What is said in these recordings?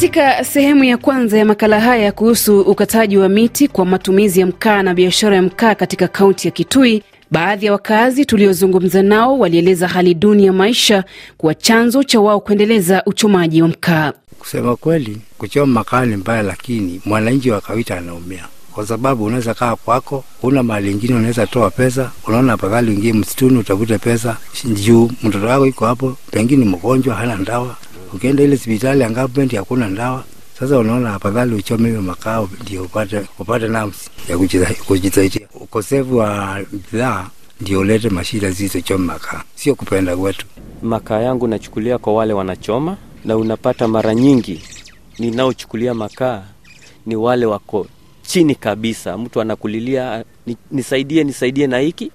Katika sehemu ya kwanza ya makala haya kuhusu ukataji wa miti kwa matumizi ya mkaa na biashara ya mkaa katika kaunti ya Kitui, baadhi ya wakazi tuliozungumza nao walieleza hali duni ya maisha kuwa chanzo cha wao kuendeleza uchomaji wa mkaa. Kusema kweli, kuchoma makaa ni mbaya, lakini mwananchi wa kawaida anaumia kwa sababu unaweza kaa kwako, una mahali ingine, unaweza toa pesa, unaona afadhali uingie msituni utafute pesa, juu mtoto wako iko hapo, pengine mgonjwa, hana ndawa Ukienda ile hospitali ya government hakuna dawa. Sasa unaona, afadhali uchome hiyo makao ndio upate upate namsi ya kujisaidia. Ukosefu wa bidhaa ndio ulete mashida zisizochoma makaa, sio kupenda kwetu. Makaa yangu nachukulia kwa wale wanachoma, na unapata mara nyingi ninaochukulia makaa ni wale wako chini kabisa. Mtu anakulilia nisaidie, nisaidie na hiki,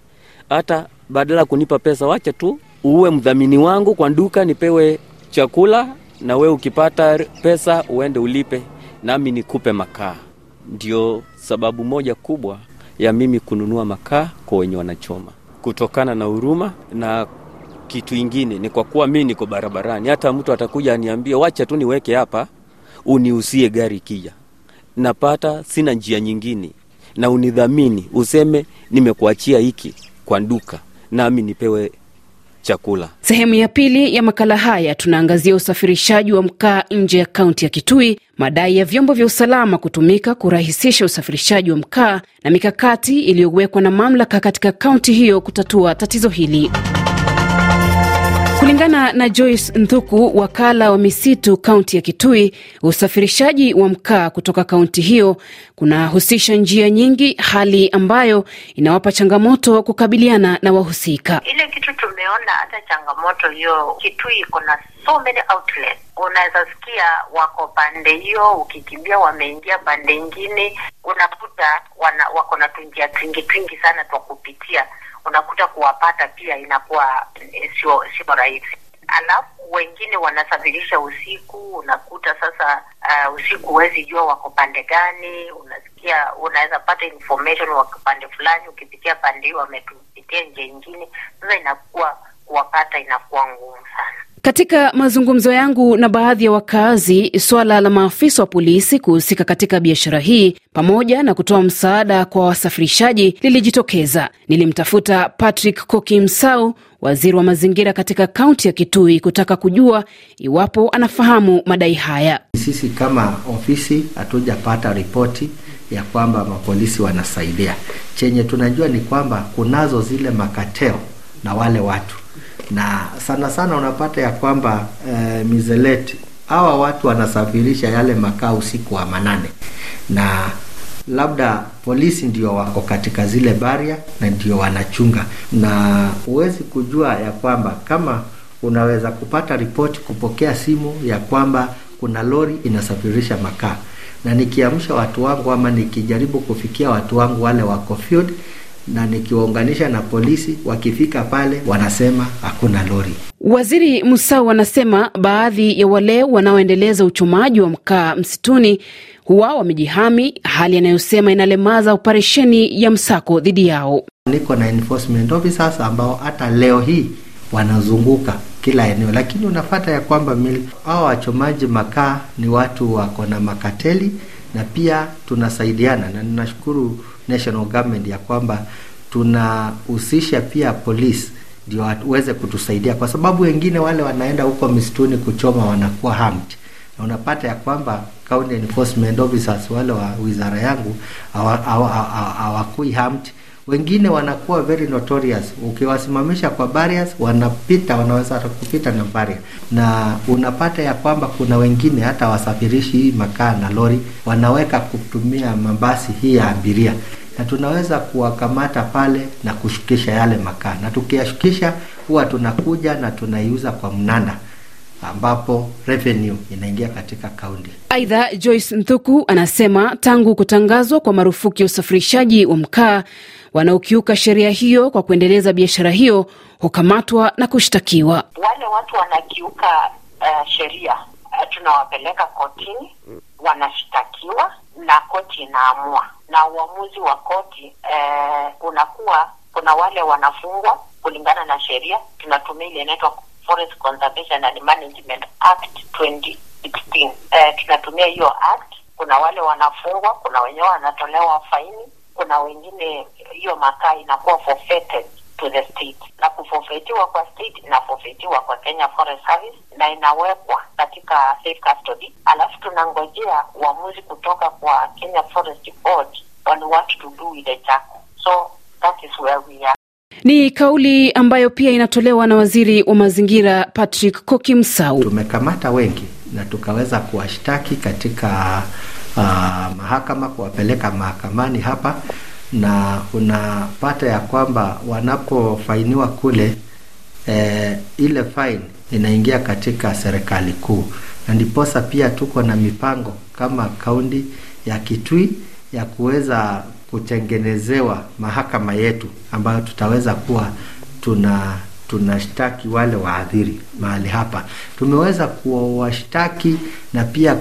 hata badala kunipa pesa, wacha tu uwe mdhamini wangu kwa duka, nipewe chakula, na we ukipata pesa uende ulipe, nami nikupe makaa. Ndio sababu moja kubwa ya mimi kununua makaa kwa wenye wanachoma, kutokana na huruma na kitu ingine ni kwa kuwa mi niko barabarani. Hata mtu atakuja aniambie wacha tu niweke hapa, uniusie gari kija, napata sina njia nyingine, na unidhamini useme nimekuachia hiki kwa duka, nami nipewe chakula. Sehemu ya pili ya makala haya tunaangazia usafirishaji wa mkaa nje ya kaunti ya Kitui, madai ya vyombo vya usalama kutumika kurahisisha usafirishaji wa mkaa na mikakati iliyowekwa na mamlaka katika kaunti hiyo kutatua tatizo hili. Kulingana na Joyce Nthuku, wakala wa misitu kaunti ya Kitui, usafirishaji wa mkaa kutoka kaunti hiyo kunahusisha njia nyingi, hali ambayo inawapa changamoto kukabiliana na wahusika. Ile kitu tumeona hata changamoto hiyo, Kitui iko na so many outlets unaweza sikia wako pande hiyo, ukikimbia wameingia pande ingine, unakuta wako na tunjia twingi twingi sana twa kupitia, unakuta kuwapata pia inakuwa sio sio rahisi. Alafu wengine wanasafirisha usiku, unakuta sasa uh, usiku huwezi jua wako pande gani, unasikia unaweza pata information wako pande fulani, ukipitia pande hiyo wametupitia nje ingine. Sasa inakuwa kuwapata inakuwa ngumu sana. Katika mazungumzo yangu na baadhi ya wakazi, suala la maafisa wa polisi kuhusika katika biashara hii pamoja na kutoa msaada kwa wasafirishaji lilijitokeza. Nilimtafuta Patrick Koki Msau, waziri wa mazingira katika kaunti ya Kitui, kutaka kujua iwapo anafahamu madai haya. Sisi kama ofisi hatujapata ripoti ya kwamba mapolisi wanasaidia. Chenye tunajua ni kwamba kunazo zile makateo na wale watu na sana sana unapata ya kwamba e, mizeleti hawa watu wanasafirisha yale makaa usiku wa manane, na labda polisi ndio wako katika zile baria na ndio wanachunga, na huwezi kujua ya kwamba kama unaweza kupata ripoti, kupokea simu ya kwamba kuna lori inasafirisha makaa, na nikiamsha watu wangu ama nikijaribu kufikia watu wangu wale wako field na nikiwaunganisha na polisi, wakifika pale wanasema hakuna lori. Waziri Musau anasema baadhi ya wale wanaoendeleza uchomaji wa mkaa msituni huwa wamejihami, hali anayosema inalemaza operesheni ya msako dhidi yao. Niko na enforcement officers ambao hata leo hii wanazunguka kila eneo, lakini unafata ya kwamba hawa wachomaji makaa ni watu wako na makateli, na pia tunasaidiana na ninashukuru national government ya kwamba tunahusisha pia polisi ndio waweze kutusaidia, kwa sababu wengine wale wanaenda huko misituni kuchoma wanakuwa hamt na unapata ya kwamba county enforcement officers wale wa wizara yangu hawakui hamti wengine wanakuwa very notorious, ukiwasimamisha kwa barriers wanapita, wanaweza kupita na barrier, na unapata ya kwamba kuna wengine hata wasafirishi hii makaa na lori wanaweka kutumia mabasi hii ya abiria na tunaweza kuwakamata pale na kushukisha yale makaa, na tukiyashukisha huwa tunakuja na tunaiuza kwa mnanda ambapo revenue inaingia katika kaunti. Aidha, Joyce Nthuku anasema tangu kutangazwa kwa marufuku ya usafirishaji wa mkaa, wanaokiuka sheria hiyo kwa kuendeleza biashara hiyo hukamatwa na kushtakiwa. Wale watu wanakiuka uh, sheria uh, tunawapeleka kotini, wanashtakiwa na koti inaamua, na uamuzi wa koti uh, unakuwa kuna wale wanafungwa kulingana na sheria, tunatumia ile inaitwa Forest Conservation and Management Act 2016. Uh, eh, tunatumia hiyo act. Kuna wale wanafungwa, kuna wenyewe wanatolewa faini, kuna wengine hiyo makaa inakuwa forfeited to the state, na kufofetiwa kwa state inafofetiwa kwa Kenya Forest Service na inawekwa katika safe custody, alafu tunangojea uamuzi kutoka kwa Kenya Forest Board on what to do with the charcoal. Ni kauli ambayo pia inatolewa na waziri wa mazingira Patrick Kokimsau. Tumekamata wengi na tukaweza kuwashtaki katika uh, mahakama, kuwapeleka mahakamani hapa, na unapata ya kwamba wanapofainiwa kule eh, ile fine inaingia katika serikali kuu, na ndiposa pia tuko na mipango kama kaunti ya Kitui ya kuweza kutengenezewa mahakama yetu ambayo tutaweza kuwa tuna tunashtaki wale waadhiri mahali hapa. Tumeweza kuwashtaki na pia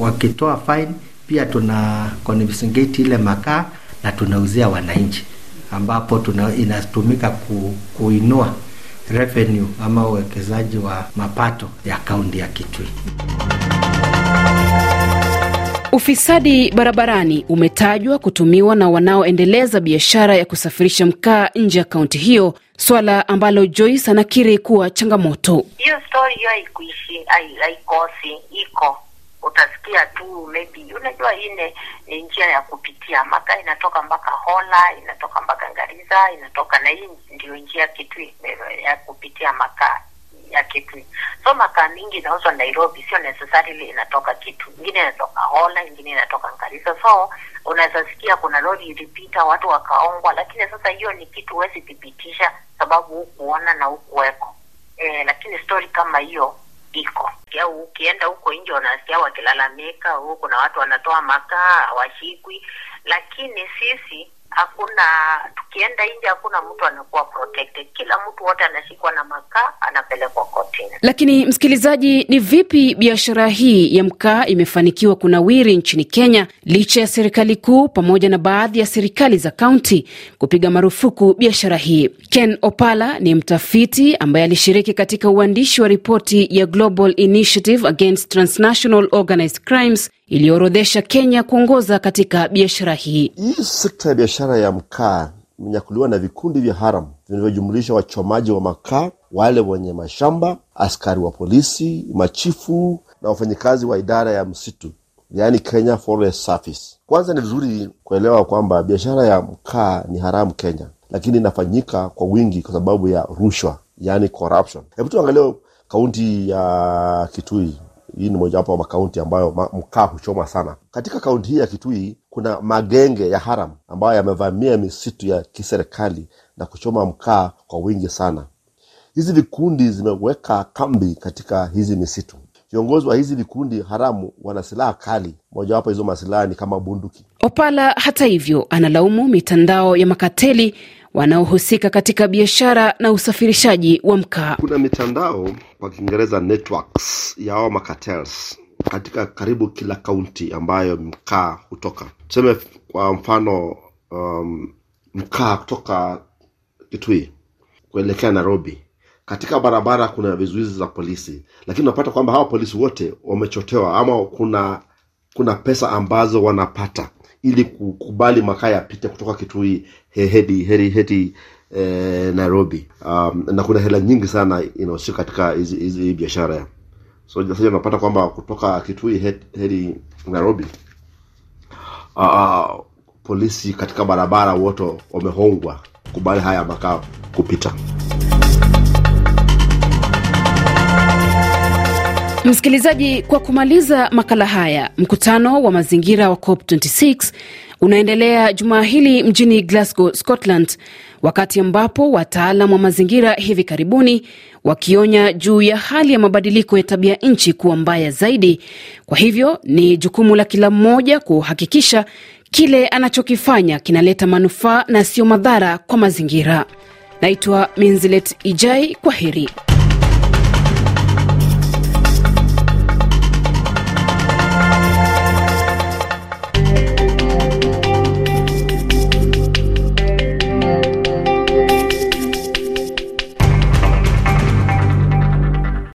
wakitoa fine, pia tuna konvisingeti ile makaa na tunauzia wananchi, ambapo tuna, inatumika ku, kuinua revenue ama uwekezaji wa mapato ya kaunti ya Kitui. Ufisadi barabarani umetajwa kutumiwa na wanaoendeleza biashara ya kusafirisha mkaa nje ya kaunti hiyo, swala ambalo Joyce anakiri kuwa changamoto. Hiyo stori hiyo haikuishi, haikosi, iko utasikia tu maybe, unajua ine ni njia ya kupitia maka, inatoka mpaka Hola, inatoka mpaka Ngariza, inatoka na hii ndio njia kitu ya kupitia makaa ya kitu. So makaa mingi inauzwa Nairobi, sio necessarily inatoka kitu ingine, inatoka Hola, ingine inatoka Ngarissa. So unaweza sikia kuna lori ilipita watu wakaongwa, lakini sasa hiyo ni kitu huwezi thibitisha sababu hukuona na hukuweko. E, lakini stori kama hiyo iko au ukienda huko nje wanasikia wakilalamika, huko kuna watu wanatoa makaa washikwi lakini sisi hakuna tukienda nje, hakuna mtu anakuwa protected. Kila mtu wote anashikwa na makaa anapelekwa kotini. Lakini msikilizaji, ni vipi biashara hii ya mkaa imefanikiwa kunawiri nchini Kenya licha ya serikali kuu pamoja na baadhi ya serikali za kaunti kupiga marufuku biashara hii? Ken Opala ni mtafiti ambaye alishiriki katika uandishi wa ripoti ya Global Initiative Against Transnational Organized Crimes iliyoorodhesha Kenya kuongoza katika biashara hii. Hii sekta ya biashara ya mkaa imenyakuliwa na vikundi vya haramu vinavyojumulisha wachomaji wa makaa, wale wenye mashamba, askari wa polisi, machifu na wafanyikazi wa idara ya msitu, yaani Kenya Forest Service. Kwanza ni vizuri kuelewa kwamba biashara ya mkaa ni haramu Kenya, lakini inafanyika kwa wingi kwa sababu ya rushwa, yaani corruption. Hebu tuangalie kaunti ya Kitui hii ni mojawapo wa makaunti ambayo mkaa huchoma sana. Katika kaunti hii ya Kitui kuna magenge ya haram ambayo yamevamia misitu ya kiserikali na kuchoma mkaa kwa wingi sana. Hizi vikundi zimeweka kambi katika hizi misitu. Viongozi wa hizi vikundi haramu wana silaha kali, mojawapo hizo masilaha ni kama bunduki. Opala hata hivyo analaumu mitandao ya makateli wanaohusika katika biashara na usafirishaji wa mkaa. Kuna mitandao kwa Kiingereza networks ya hao makatels katika karibu kila kaunti ambayo mkaa hutoka. Tuseme kwa mfano, um, mkaa kutoka Kitui kuelekea Nairobi, katika barabara kuna vizuizi za polisi, lakini unapata kwamba hawa polisi wote wamechotewa ama kuna kuna pesa ambazo wanapata ili kukubali makaa yapite kutoka Kitui hedi hedi hedi eh, Nairobi. Um, na kuna hela nyingi sana inahusika katika hizi biashara, so sasa unapata kwamba kutoka Kitui hedi Nairobi uh, polisi katika barabara wote wamehongwa kubali haya makaa kupita. Msikilizaji, kwa kumaliza makala haya, mkutano wa mazingira wa COP 26 unaendelea jumaa hili mjini Glasgow, Scotland, wakati ambapo wataalam wa mazingira hivi karibuni wakionya juu ya hali ya mabadiliko ya tabia nchi kuwa mbaya zaidi. Kwa hivyo ni jukumu la kila mmoja kuhakikisha kile anachokifanya kinaleta manufaa na siyo madhara kwa mazingira. Naitwa Minzilet Ijai, kwa heri.